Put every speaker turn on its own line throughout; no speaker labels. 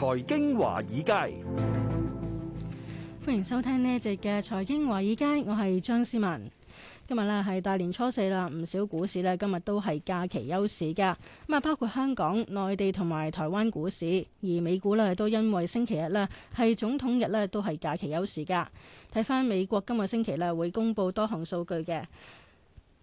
財經華爾
街，歡迎收聽呢一節嘅財經華爾街。我係張思文，今日咧係大年初四啦，唔少股市咧今日都係假期休市噶，咁啊，包括香港、內地同埋台灣股市，而美股咧都因為星期日咧係總統日咧，都係假期休市噶。睇翻美國今個星期咧會公布多項數據嘅。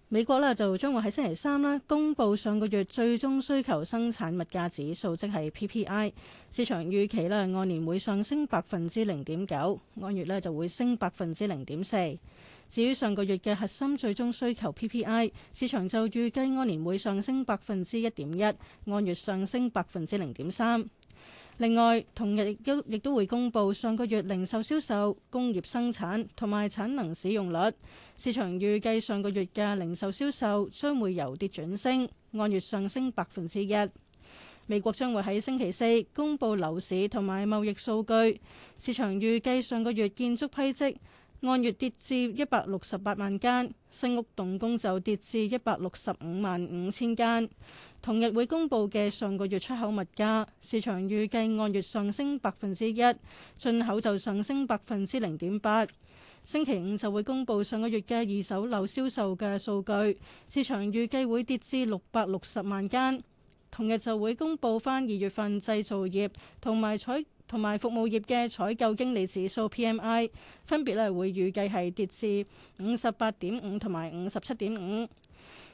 美國呢就將會喺星期三呢公佈上個月最終需求生產物價指數，即係 PPI。市場預期呢按年會上升百分之零點九，按月呢就會升百分之零點四。至於上個月嘅核心最終需求 PPI，市場就預計按年會上升百分之一點一，按月上升百分之零點三。另外，同日亦都亦都會公布上個月零售銷售、工業生產同埋產能使用率。市場預計上個月嘅零售銷售將會由跌轉升，按月上升百分之一。美國將會喺星期四公布樓市同埋貿易數據，市場預計上個月建築批積。按月跌至一百六十八萬間，新屋動工就跌至一百六十五萬五千間。同日會公布嘅上個月出口物價，市場預計按月上升百分之一，進口就上升百分之零點八。星期五就會公布上個月嘅二手樓銷售嘅數據，市場預計會跌至六百六十萬間。同日就會公布返二月份製造業同埋採同埋服務業嘅採購經理指數 P.M.I. 分別咧會預計係跌至五十八點五同埋五十七點五。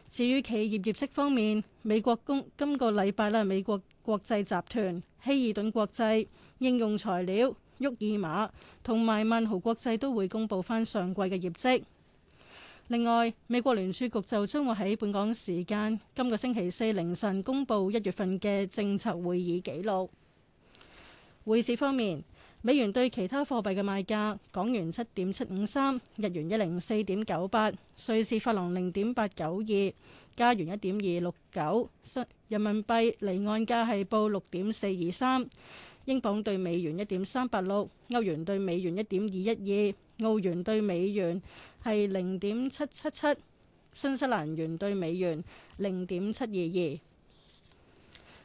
至於企業業績方面，美國今個禮拜咧美國國際集團、希爾頓國際、應用材料、沃爾瑪同埋萬豪國際都會公佈翻上季嘅業績。另外，美國聯儲局就將會喺本港時間今個星期四凌晨公佈一月份嘅政策會議記錄。匯市方面，美元對其他貨幣嘅賣價：港元七點七五三，日元一零四點九八，瑞士法郎零點八九二，加元一點二六九，新人民幣離岸價係報六點四二三，英鎊兌美元一點三八六，歐元兌美元一點二一二，澳元兌美元係零點七七七，新西蘭元兌美元零點七二二。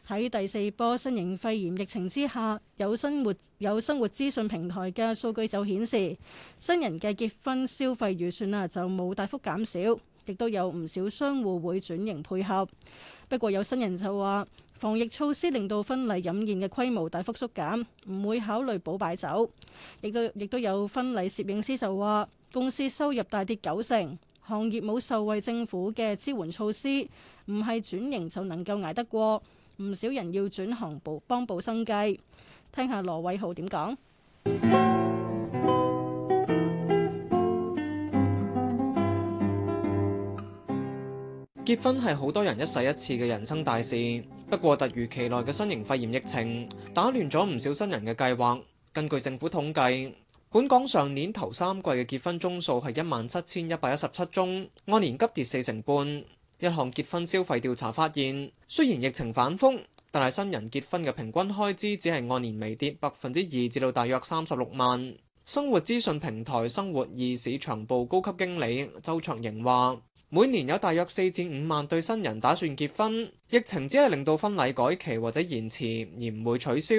喺第四波新型肺炎疫情之下，有生活有生活資訊平台嘅數據就顯示，新人嘅結婚消費預算啊，就冇大幅減少，亦都有唔少商戶會轉型配合。不過有新人就話，防疫措施令到婚禮飲宴嘅規模大幅縮減，唔會考慮補擺酒。亦都亦都有婚禮攝影師就話，公司收入大跌九成，行業冇受惠政府嘅支援措施，唔係轉型就能夠挨得過。唔少人要轉行補幫補生計，聽下羅偉浩點講。
結婚係好多人一世一次嘅人生大事，不過突如其來嘅新型肺炎疫情打亂咗唔少新人嘅計劃。根據政府統計，本港上年頭三季嘅結婚宗數係一萬七千一百一十七宗，按年急跌四成半。一項結婚消費調查發現，雖然疫情反覆，但係新人結婚嘅平均開支只係按年微跌百分之二，至到大約三十六萬。生活資訊平台生活易市場部高級經理周卓瑩話：每年有大約四至五萬對新人打算結婚，疫情只係令到婚禮改期或者延遲而唔會取消，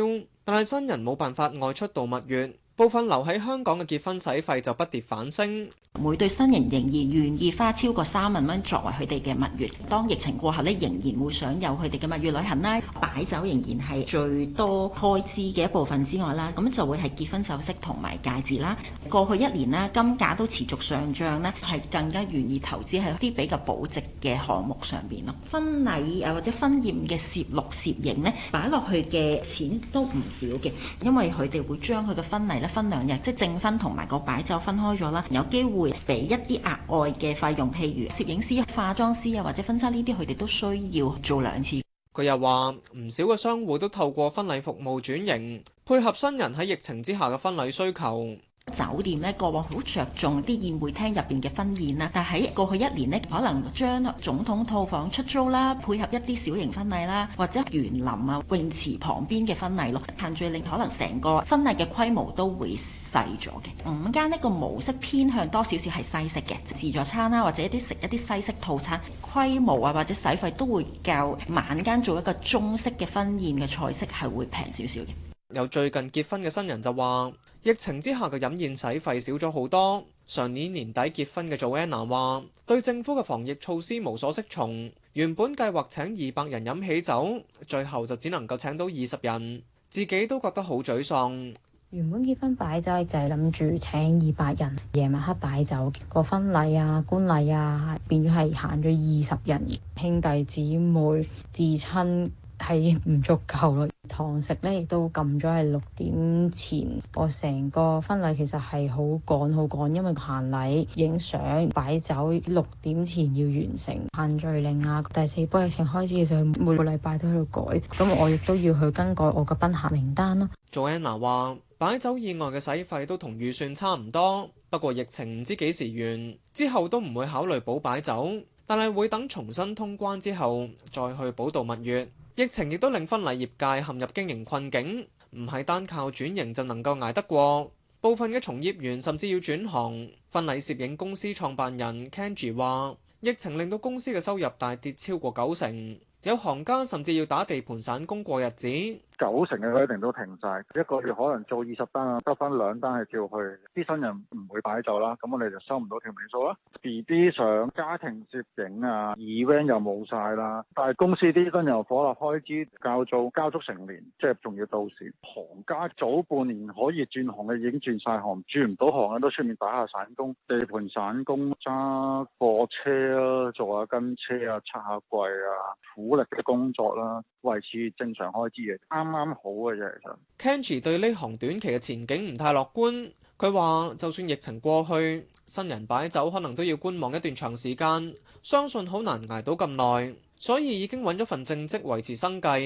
但係新人冇辦法外出度蜜月。部分留喺香港嘅結婚使費就不跌反升。每
對新人仍然願意花超過三萬蚊作為佢哋嘅蜜月。當疫情過後咧，仍然會想有佢哋嘅蜜月旅行啦。擺酒仍然係最多開支嘅一部分之外啦，咁就會係結婚首飾同埋戒指啦。過去一年啦，金價都持續上漲呢，係更加願意投資喺一啲比較保值嘅項目上邊咯。婚禮誒或者婚宴嘅攝錄攝影呢，擺落去嘅錢都唔少嘅，因為佢哋會將佢嘅婚禮咧。分兩日，即係證婚同埋個擺酒分開咗啦，有機會俾一啲額外嘅費用，譬如攝影師、化妝師啊，或者婚紗呢啲，佢哋都需要
做兩次。佢又話唔少嘅商戶都透過婚禮服務轉型，配合新人喺疫情之下嘅婚禮需求。酒
店咧，過往好着重啲宴會廳入邊嘅婚宴啦，但喺過去一年呢，可能將總統套房出租啦，配合一啲小型婚禮啦，或者園林啊、泳池旁邊嘅婚禮咯，限聚令可能成個婚禮嘅規模都會細咗嘅。午間呢個模式偏向多少少係西式嘅自助餐啦，或者一啲食一啲西式套餐，規模啊或者使費都會較晚間做一個中式嘅婚宴嘅菜式係會平少少嘅。
有最近結婚嘅新人就話，疫情之下嘅飲宴使費少咗好多。上年年底結婚嘅祖安娜話，對政府嘅防疫措施無所適從。原本計劃請二百人飲喜酒，最後就只能夠請到二十人，自己都覺得好沮喪。
原本結婚擺酒就係諗住請二百人，夜晚黑擺酒，結果婚禮啊、官禮啊，變咗係限咗二十人兄弟姊妹至親。自親係唔足夠咯。堂食咧，亦都撳咗喺六點前。我成個婚禮其實係好趕，好趕，因為行禮、影相、擺酒，六點前要完成限聚令啊。第四波疫情開始嘅時候，每個禮拜都喺度改，咁我亦都要去更改我嘅賓客名單
囉。Joanna 話擺酒以外嘅使費都同預算差唔多，不過疫情唔知幾時完，之後都唔會考慮補擺酒，但係會等重新通關之後再去補度蜜月。疫情亦都令婚禮業界陷入經營困境，唔係單靠轉型就能夠捱得過。部分嘅從業員甚至要轉行。婚禮攝影公司創辦人 Kenji 話，疫情令到公司嘅收入大跌超過九成，有行家甚至要打地盤散工過日子。
九成嘅規定都停晒，一個月可能做二十單，單去去寶寶啊，得翻兩單係叫去啲新人唔會擺酒啦，咁我哋就收唔到條尾數啦。B B 上家庭攝影啊，event 又冇晒啦，但係公司啲跟人火啦，開支交租交足成年，即係仲要到時行家早半年可以轉行嘅已經轉晒行，轉唔到行嘅都出面打下散工，地盤散工揸貨車啊，做下跟車啊，拆下櫃啊，苦力嘅工作啦、啊，維持正常開支嘅啱好啊！真係，其實
Kenji 對呢行短期嘅前景唔太樂觀。佢話：就算疫情過去，新人擺酒可能都要觀望一段長時間。相信好難捱到咁耐，所以已經揾咗
份正職維持生計。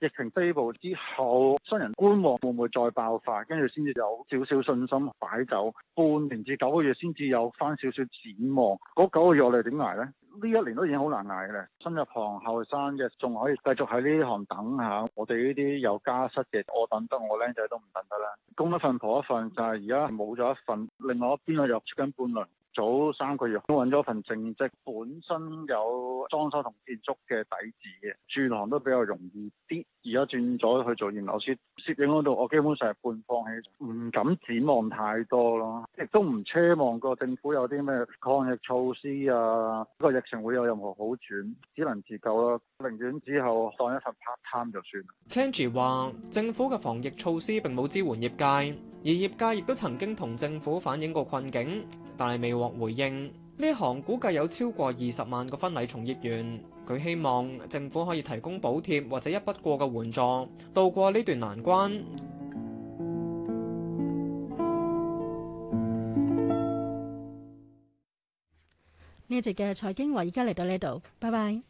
疫情低部之後，新人觀望會唔會再爆發？跟住先至有少少信心擺酒。半年至九個月先至有翻少少展望。嗰九個月我哋點捱呢？呢一年都已經好難捱嘅啦，新入行後生嘅仲可以繼續喺呢行等下，我哋呢啲有家室嘅，我等得我靚仔都唔等得啦，公一份婆一份，就係而家冇咗一份，另外一邊又出緊半糧。早三個月都揾咗份正職，本身有裝修同建築嘅底子嘅，轉行都比較容易啲。而家轉咗去做影樓攝攝影嗰度，我基本上係半放棄，唔敢展望太多咯，亦都唔奢望個政府有啲咩抗疫措施啊。個疫情會有任何好轉，只能自救啦。寧願之後當一份 part time 就算。
Kenji 話：政府嘅防疫措施並冇支援業界，而業界亦都曾經同政府反映過困境，但係未獲回應。呢行估計有超過二十萬個婚禮從業員，佢希望政府可以提供補貼或者一筆過嘅援助，度過呢段難關。
呢集嘅財經華而家嚟到呢度，拜拜。